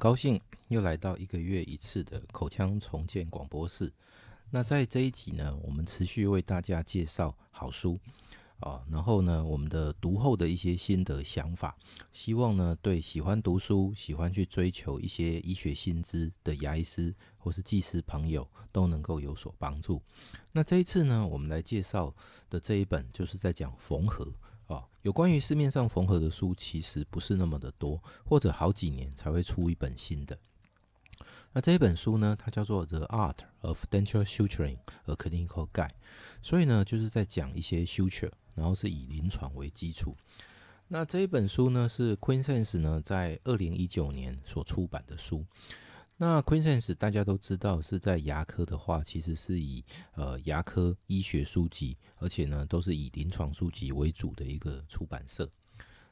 高興又來到一個月一次的口腔重建廣播室。那在這一集呢，我們持續為大家介紹好書啊，哦，然後呢，我們的讀後的一些心得想法，希望呢，對喜歡讀書、喜歡去追求一些醫學新知的牙醫師或是技師朋友都能夠有所幫助。那這一次呢，我們來介紹的這一本就是在講縫合。哦，有關於市面上縫合的書，其實不是那麼的多，或者好幾年才會出一本新的。那這一本書呢，它叫做《The Art of Dental Suturing》和《Clinical Guide》，所以呢，就是在講一些 suture，然後是以臨床為基礎。那這一本書呢，是 Quintessence 呢在二零一九年所出版的書。那 Quintessence 大家都知道是在牙科的話，其實是以呃牙科醫學書籍，而且呢都是以臨床書籍為主的一個出版社。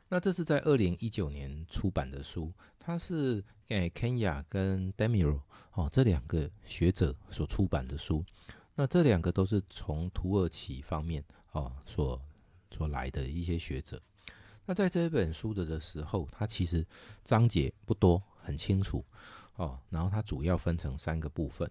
那這是在二零一九年出版的書，它是給 Kenya 跟 Demiro 哦這兩個學者所出版的書。那這兩個都是從土耳其方面哦所所來的一些學者。那在這本書的的時候，它其實章節不多，很清楚。哦，然後它主要分成三個部分。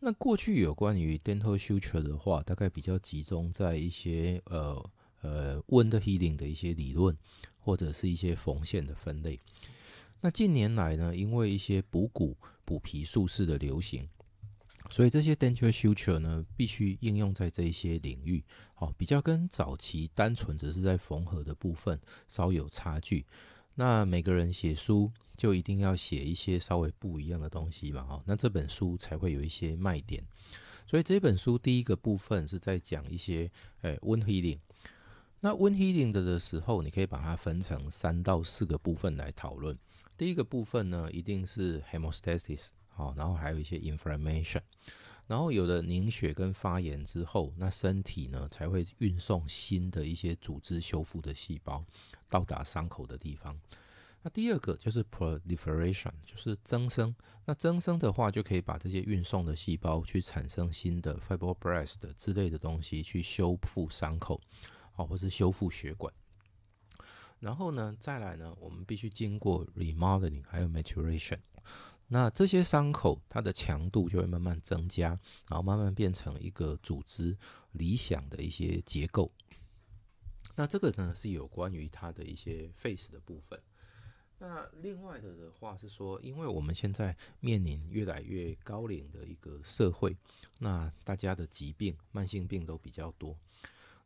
那過去有關於 dental suture 的話，大概比較集中在一些呃呃 wound healing 的一些理論，或者是一些縫線的分類。那近年來呢，因為一些補骨補皮術式的流行，所以這些 dental suture 呢必須應用在這一些領域。好、哦，比較跟早期單純只是在縫合的部分稍有差距。那每個人寫書。就一定要寫一些稍微不一樣的東西嘛，哈，那這本書才會有一些賣點。所以這本書第一個部分是在講一些，誒、欸，wound healing。那 wound healing 的的時候，你可以把它分成三到四個部分來討論。第一個部分呢，一定是 hemostasis 好，然後還有一些 inflammation。然後有了凝血跟發炎之後，那身體呢才會運送新的一些組織修復的細胞到達傷口的地方。那第二個就是 proliferation，就是增生。那增生的話，就可以把這些運送的細胞去產生新的 fibroblast 之類的東西，去修復傷口，啊、哦，或是修復血管。然後呢，再來呢，我們必須經過 remodeling，還有 maturation。那這些傷口它的強度就會慢慢增加，然後慢慢變成一個組織理想的一些結構。那這個呢，是有關於它的一些 phase 的部分。那另外的的話是說，因為我們現在面臨越來越高齡的一個社會，那大家的疾病、慢性病都比較多。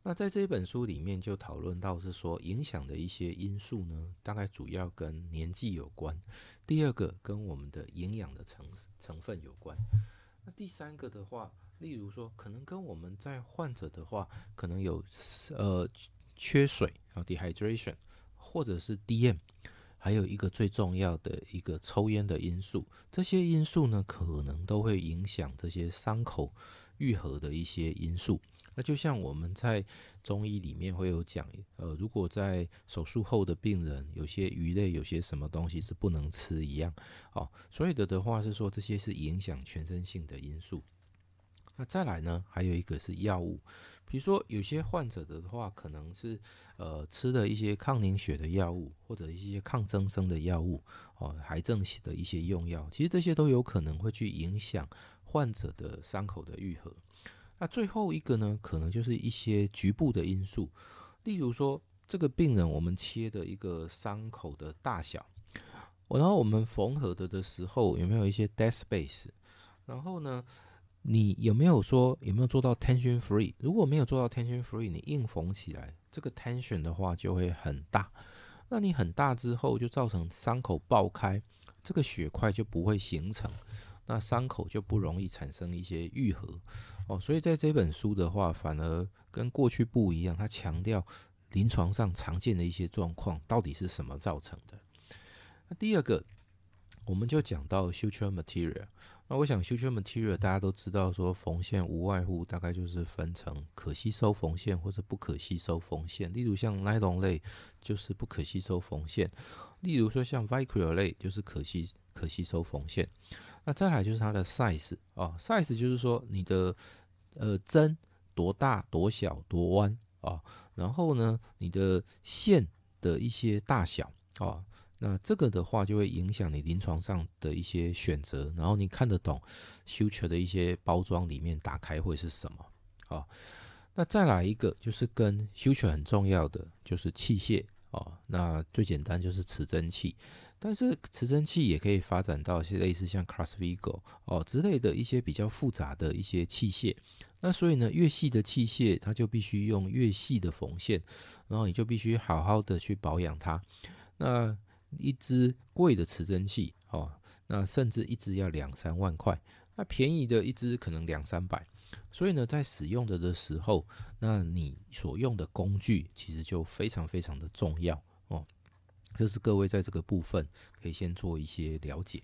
那在這本書裡面就討論到是說，影響的一些因素呢，大概主要跟年紀有關，第二個跟我們的營養的成成分有關。那第三個的話，例如說，可能跟我們在患者的話，可能有呃缺水啊 （dehydration） 或者是 DM。還有一個最重要的一個抽菸的因素，這些因素呢，可能都會影響這些傷口愈合的一些因素。那就像我們在中醫裡面會有講，呃，如果在手術後的病人，有些魚類有些什麼東西是不能吃一樣，哦，所以的的話，是說，這些是影響全身性的因素。那再來呢，還有一個是藥物，比如說有些患者的話，可能是呃吃了一些抗凝血的藥物，或者一些抗增生的藥物，哦，癌症的一些用藥，其實這些都有可能會去影響患者的傷口的癒合。那最後一個呢，可能就是一些局部的因素，例如說這個病人我們切的一個傷口的大小，然後我們縫合的的時候有沒有一些 dead space，然後呢？你有沒有說有沒有做到 tension free？如果沒有做到 tension free，你硬縫起來，這個 tension 的話就會很大。那你很大之後就造成傷口爆開，這個血塊就不會形成，那傷口就不容易產生一些癒合。哦，所以在這本書的話，反而跟過去不一樣，它強調臨床上常見的一些狀況到底是什麼造成的。那第二個，我們就講到 suture material。那我想 suture material 大家都知道，說縫線無外乎大概就是分成可吸收縫線或者不可吸收縫線。例如像 nylon 類就是不可吸收縫線，例如說像 vicryl 類就是可吸可吸收縫線。那再來就是它的 size 啊、哦、size 就是說你的呃針多大多小多彎啊、哦，然後呢你的線的一些大小啊。哦。那這個的話就會影響你臨床上的一些選擇，然後你看得懂 suture 的一些包裝裡面打開會是什麼啊？那再來一個就是跟 suture 很重要的就是器械哦，那最簡單就是持針器，但是持針器也可以發展到一些類似像 Castroviejo 哦之類的一些比較複雜的一些器械。那所以呢，越細的器械它就必須用越細的縫線，然後你就必須好好的去保養它。那一支貴的持針器哦，那甚至一支要兩三萬塊，那便宜的一支可能兩三百。所以呢，在使用着的時候，那你所用的工具其實就非常非常的重要哦。這、就是各位在這個部分可以先做一些了解。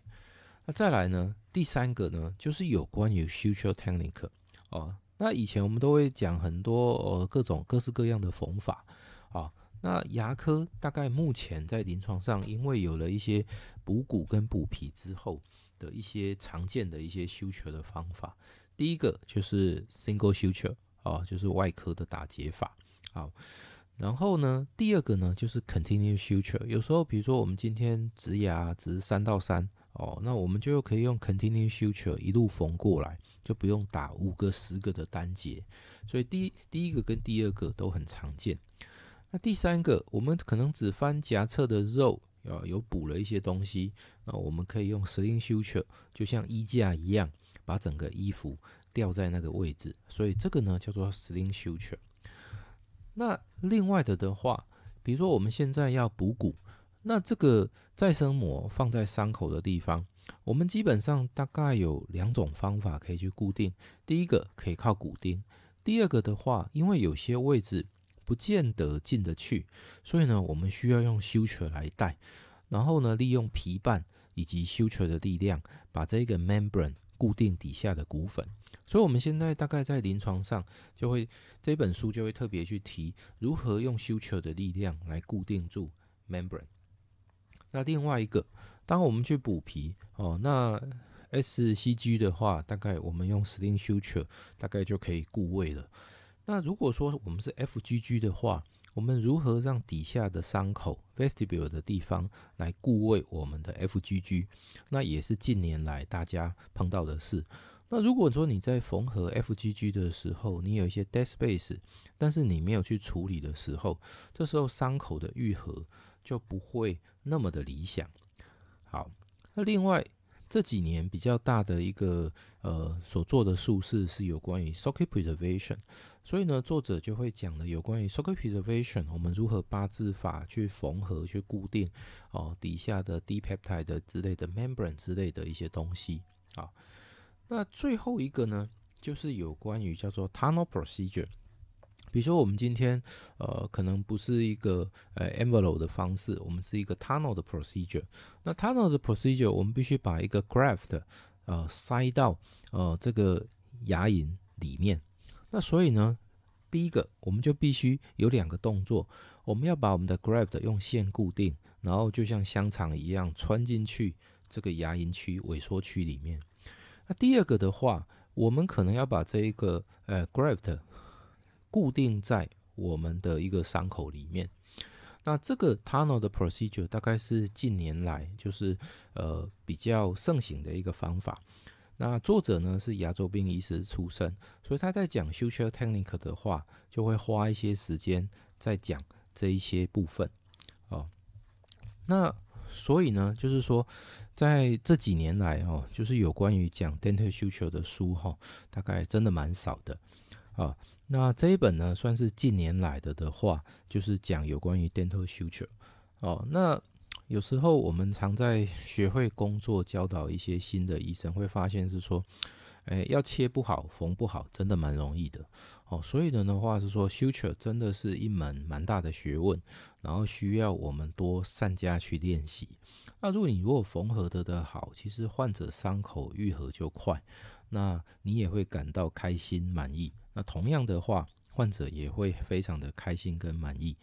那再來呢，第三個呢，就是有關於 suturing technique 哦。那以前我們都會講很多、呃、各種各式各樣的縫法啊。哦那牙科大概目前在臨床上，因為有了一些補骨跟補皮之後的一些常見的一些修 e 的方法，第一個就是 single future 哦，就是外科的打結法。好，然後呢，第二個呢就是 continue future。有時候比如說我們今天植牙植三到三哦，那我們就可以用 continue future 一路縫過來，就不用打五個、十個的單結。所以第一第一個跟第二個都很常見。那第三個，我們可能只翻夾側的肉，啊，有補了一些東西，那我們可以用 sling suture，就像衣架一樣，把整個衣服吊在那個位置，所以這個呢叫做 sling suture。那另外的的話，比如說我們現在要補骨，那這個再生膜放在傷口的地方，我們基本上大概有兩種方法可以去固定，第一個可以靠骨釘，第二個的話，因為有些位置，不見得進得去，所以呢，我們需要用 suture 來帶，然後呢，利用皮瓣以及 suture 的力量，把這個 membrane 固定底下的骨粉。所以我們現在大概在臨床上，就會這本書就會特別去提，如何用 suture 的力量來固定住 membrane。那另外一個，當我們去補皮哦，那 SCG 的話，大概我們用 sling suture 大概就可以固位了。那如果說我們是 FGG 的話，我們如何讓底下的傷口 vestibule 的地方來固位我們的 FGG？那也是近年來大家碰到的事。那如果說你在縫合 FGG 的時候，你有一些 dead space，但是你沒有去處理的時候，這時候傷口的愈合就不會那麼的理想。好，那另外。這幾年比較大的一個呃所做的術式是有關於 socket preservation，所以呢作者就會講了有關於 socket preservation，我們如何八字法去縫合去固定哦底下的 deep peptide 的之類的 membrane 之類的一些東西啊。那最後一個呢，就是有關於叫做 tunnel procedure。比如說，我們今天呃，可能不是一個呃 envelope 的方式，我們是一個 tunnel 的 procedure。那 tunnel 的 procedure，我們必須把一個 graft 呃塞到呃這個牙齦裡面。那所以呢，第一個我們就必須有兩個動作，我們要把我們的 graft 用線固定，然後就像香腸一樣穿進去這個牙齦區、萎縮區裡面。那第二個的話，我們可能要把這一個呃 graft 固定在我們的一個傷口裡面。那這個 tunnel 的 procedure 大概是近年來就是呃比較盛行的一個方法。那作者呢是牙周病醫師出身，所以他在講 suture technique 的話，就會花一些時間在講這一些部分哦。那所以呢，就是說在這幾年來哦，就是有關於講 dental suture 的書哈、哦，大概真的蠻少的啊。哦。那這一本呢，算是近年來的的話，就是講有關於 dental suture 哦。那有時候我們常在學會工作教導一些新的醫生，會發現是說，誒、欸，要切不好縫不好，真的蠻容易的哦。所以呢的話是說，suture 真的是一門蠻大的學問，然後需要我們多善加去練習。那如果你如果縫合的的好，其實患者傷口愈合就快，那你也會感到開心滿意。那同樣的話，患者也會非常的開心跟滿意。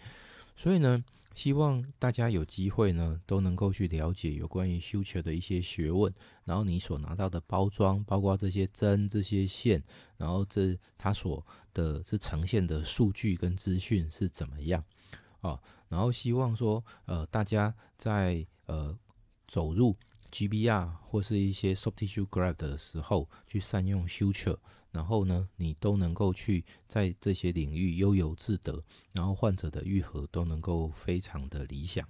所以呢，希望大家有機會呢，都能夠去了解有關於 suture 的一些學問。然後你所拿到的包裝，包括這些針、這些線，然後這它所的是呈現的數據跟資訊是怎麼樣啊？然後希望說，呃，大家在呃走入 GBR 或是一些 soft tissue graft 的時候，去善用 suture。然後呢，你都能夠去在這些領域悠遊自得，然後患者的癒合都能夠非常的理想。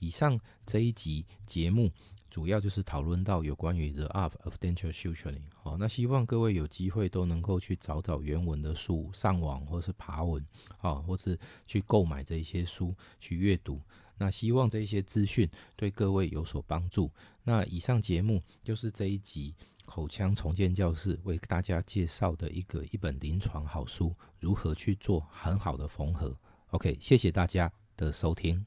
以上這一集節目主要就是討論到有關於 the art of dental suturing 好、哦，那希望各位有機會都能夠去找找原文的書，上網或是爬文，好、哦，或是去購買這一些書去閱讀。那希望這一些資訊對各位有所幫助。那以上節目就是這一集，口腔重建教室，為大家介紹的一個一本臨床好書，如何去做很好的縫合。OK，謝謝大家的收聽。